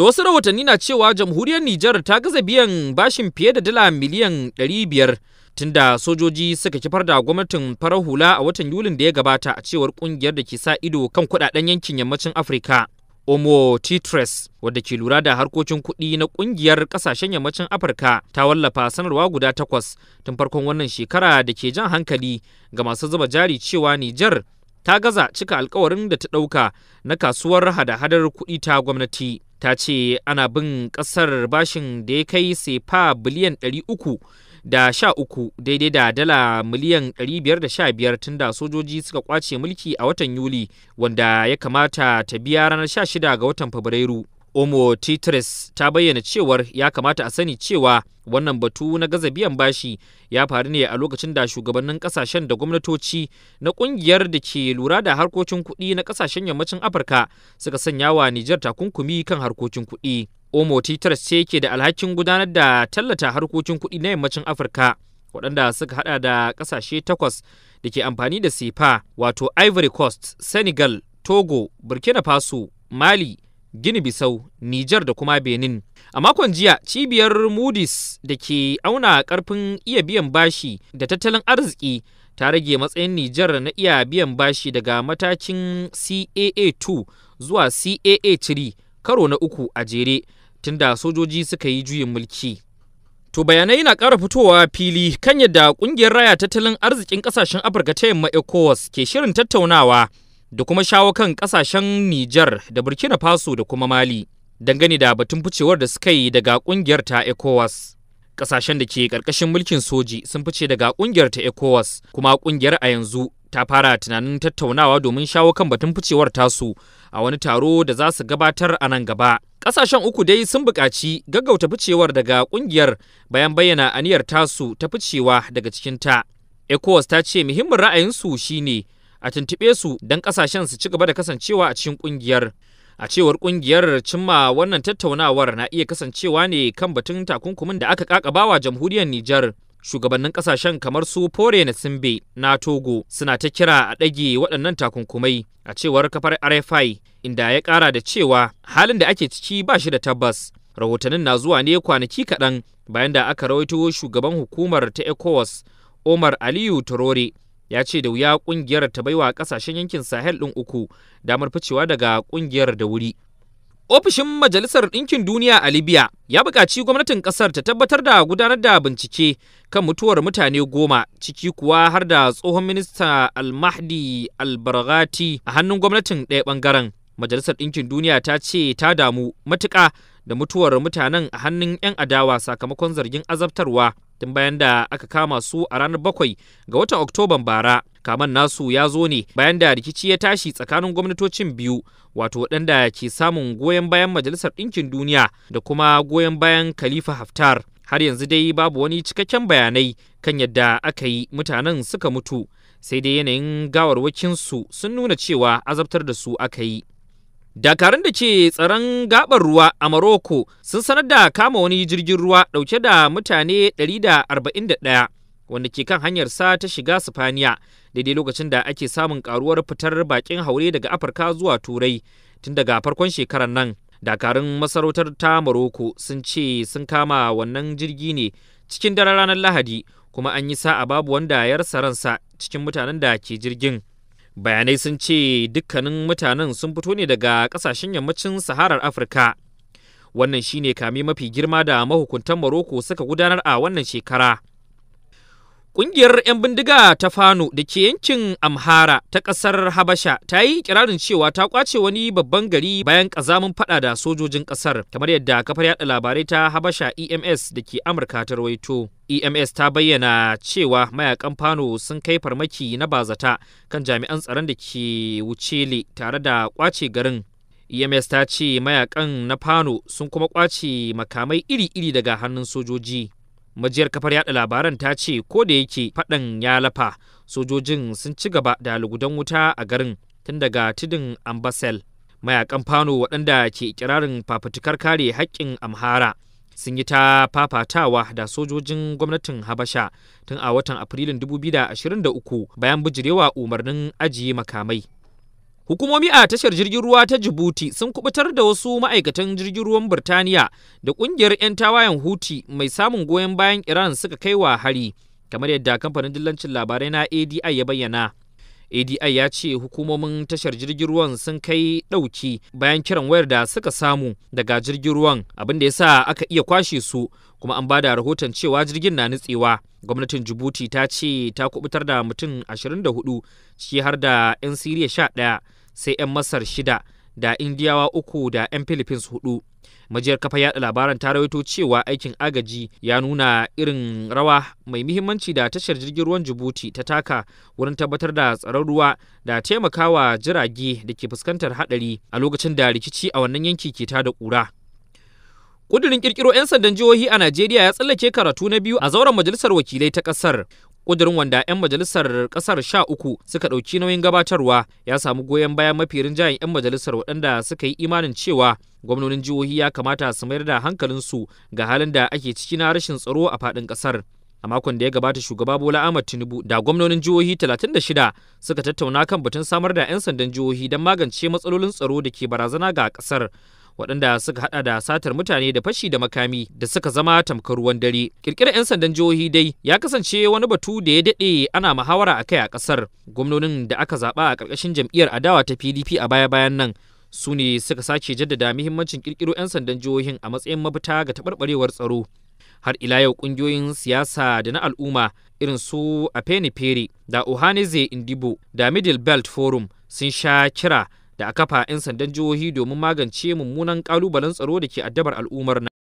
To wasu rahotanni na cewa jamhuriyar Nijar ta gaza biyan bashin fiye da dala miliyan 500 tunda sojoji suka kifar da gwamnatin farar hula a watan Yulin da ya gabata a cewar kungiyar da ke sa ido kan kudaden yankin yammacin Afirka. Omo Titres wadda ke lura da harkokin kuɗi na ƙungiyar ƙasashen yammacin Afirka ta wallafa sanarwa guda takwas tun farkon wannan shekara da ke jan hankali ga masu zuba jari cewa Nijar ta gaza cika alkawarin da ta ɗauka na kasuwar hada-hadar kuɗi ta gwamnati ta ce ana bin ƙasar bashin da ya kai sefa biliyan 300 da sha uku daidai da dala miliyan 515 tun da sojoji suka kwace mulki a watan yuli wanda ya kamata ta biya ranar sha shida ga watan fabrairu Omo Titres ta bayyana cewar ya kamata a sani cewa wannan batu na gaza biyan bashi ya faru ne a lokacin da shugabannin kasashen da gwamnatoci na kungiyar da ke lura da harkokin kuɗi na kasashen yammacin Afirka suka sanya wa Nijar takunkumi kan harkokin kuɗi. Omo Titres ce ke da alhakin gudanar da tallata harkokin kuɗi na yammacin Afirka. waɗanda suka haɗa da ƙasashe takwas da ke amfani da sefa wato ivory coast senegal togo burkina faso mali Gini Bisau, Nijar da kuma Benin. A makon jiya, cibiyar Moody's da ke auna karfin iya biyan bashi da tattalin arziki ta rage matsayin Nijar na iya biyan bashi daga matakin CAA2 zuwa CAA3 karo na uku a jere tunda sojoji suka yi juyin mulki. To bayanai na ƙara fitowa fili kan yadda ƙungiyar raya tattalin arzikin ƙasashen Afirka ta yamma ECOWAS ke shirin tattaunawa da kuma shawo kan kasashen Nijar da Burkina Faso da kuma Mali dangane da batun ficewar da suka yi daga kungiyar ta ECOWAS. Kasashen da ke karkashin mulkin soji sun fice daga kungiyar ta ECOWAS kuma kungiyar a yanzu ta fara tunanin tattaunawa domin shawo kan batun ficewar tasu a wani taro da za su gabatar a nan gaba. Kasashen uku dai sun buƙaci gaggauta ficewar daga kungiyar bayan bayyana aniyar tasu ta ficewa daga cikin ta ECOWAS ta ce muhimmin ra'ayinsu shine a tuntuɓe su don ƙasashen su ci gaba da kasancewa a cikin ƙungiyar. A cewar ƙungiyar cimma wannan tattaunawar na iya kasancewa ne kan batun takunkumin da aka ƙaƙabawa jamhuriyar Nijar. Shugabannin ƙasashen kamar su Fore na Simbe na Togo suna ta kira a ɗage waɗannan takunkumai a cewar kafar RFI inda ya ƙara da cewa halin da ake ciki ba shi da tabbas. Rahotannin na zuwa ne kwanaki kaɗan bayan da aka rawaito shugaban hukumar ta ECOWAS Omar Aliyu Torore ya ce da wuya kungiyar ta baiwa kasashen yankin sahel ɗin uku damar ficewa daga kungiyar da wuri ofishin majalisar ɗinkin duniya a libya ya buƙaci gwamnatin ƙasar ta tabbatar da gudanar da bincike kan mutuwar mutane goma ciki kuwa har da tsohon minista almahdi albargati a hannun gwamnatin ɗaya ɓangaren majalisar ɗinkin duniya ta ce ta damu matuƙa da mutuwar mutanen a hannun 'yan adawa sakamakon zargin azabtarwa tun bayan da aka kama su a ranar bakwai ga watan oktoban bara kaman nasu ya zo ne bayan da rikici ya tashi tsakanin gwamnatocin biyu wato waɗanda ke samun goyon bayan majalisar ɗinkin duniya da kuma goyon bayan khalifa haftar har yanzu dai babu wani cikakken bayanai kan yadda aka yi mutanen suka mutu sai dai yanayin gawarwakinsu sun nuna cewa azabtar da su aka yi Dakarun da ke tsaron gabar ruwa a Morocco sun sanar da kama wani jirgin ruwa dauke da mutane 141 wanda ke kan hanyar sa ta shiga Sifaniya daidai lokacin da ake samun karuwar fitar bakin haure daga Afirka zuwa Turai tun daga farkon shekarar nan. Dakarun masarautar ta Morocco sun ce sun kama wannan jirgi ne cikin daren ranar Lahadi kuma an yi sa'a babu wanda ya rasa ransa cikin mutanen da ke jirgin. bayanai sun ce dukkanin mutanen sun fito ne daga kasashen yammacin saharar afirka wannan shine kame mafi girma da mahukuntan maroko suka gudanar a wannan shekara Ƙungiyar 'yan bindiga ta Fano da ke yankin Amhara ta ƙasar Habasha ta yi kirarin cewa ta kwace wani babban gari bayan ƙazamin faɗa da sojojin ƙasar, kamar yadda kafar yaɗa labarai ta Habasha EMS da ke Amurka ta rawaito. EMS ta bayyana cewa mayakan Fano sun kai farmaki na bazata kan jami'an tsaron da ke Wucele tare da kwace garin EMS ta ce mayakan na Fano sun kuma kwace makamai iri-iri daga hannun sojoji. majiyar kafar yaɗa labaran ta ce ko da yake faɗan ya lafa sojojin sun ci gaba da lugudan wuta a garin tun daga tudun ambasel mayakan fano waɗanda ke ikirarin fafutukar kare haƙƙin amhara sun yi ta fafatawa da sojojin gwamnatin habasha tun a watan afrilun 2023 bayan bijirewa umarnin ajiye makamai Hukumomi a tashar jirgin ruwa ta Djibouti sun kubutar da wasu ma'aikatan jirgin ruwan Birtaniya da kungiyar 'yan tawayen Houthi mai samun goyon bayan Iran suka kai wa hari, kamar yadda kamfanin dillancin labarai na ADI ya bayyana. ADI ya ce hukumomin tashar jirgin ruwan sun kai ɗauki bayan kiran wayar da suka samu daga jirgin ruwan abin da ya sa aka iya kwashe su kuma an bada rahoton cewa jirgin na nutsewa. Gwamnatin Djibouti ta ce ta kubutar da mutum 24 ciki har da 'yan Siriya 11 sai 'yan masar shida da indiyawa uku da 'yan philippines hudu majiyar kafa yaɗa labaran ta rawaito cewa aikin agaji ya nuna irin rawa mai muhimmanci da tashar jirgin ruwan jibuti ta taka wurin tabbatar da tsaron ruwa da taimakawa jirage da ke fuskantar hadari a lokacin da rikici a wannan yanki ke ta da ƙura. Ƙudurin ƙirƙiro 'yan sandan jihohi a Najeriya ya tsallake karatu na biyu a zauren majalisar wakilai ta ƙasar ƙudurin wanda 'yan majalisar ƙasar sha uku suka ɗauki nauyin gabatarwa ya samu goyon bayan mafi rinjayen 'yan majalisar waɗanda suka yi imanin cewa gwamnonin jihohi ya kamata su mayar da hankalinsu ga halin da ake ciki na rashin tsaro a faɗin ƙasar. a makon da ya gabata shugaba bola ahmad tinubu da gwamnonin jihohi shida suka tattauna kan batun samar da 'yan sandan jihohi don magance matsalolin tsaro da ke barazana ga ƙasar waɗanda suka hada da satar mutane da fashi da makami da suka zama tamkar ruwan dare. Kirkirar 'yan sandan jihohi dai ya kasance wani batu da ya daɗe ana muhawara a kai a ƙasar. Gwamnonin da aka zaɓa a ƙarƙashin jam'iyyar adawa ta PDP a baya-bayan nan su ne suka sace jaddada muhimmancin kirkiro 'yan sandan jihohin a matsayin mafita ga taɓarɓarewar tsaro. har ila yau kungiyoyin siyasa da na al'umma irin su afenifere da ohanize indibo da middle belt forum sun sha kira da a kafa 'yan sandan jihohi domin magance mummunan ƙalubalen tsaro da ke addabar al'ummar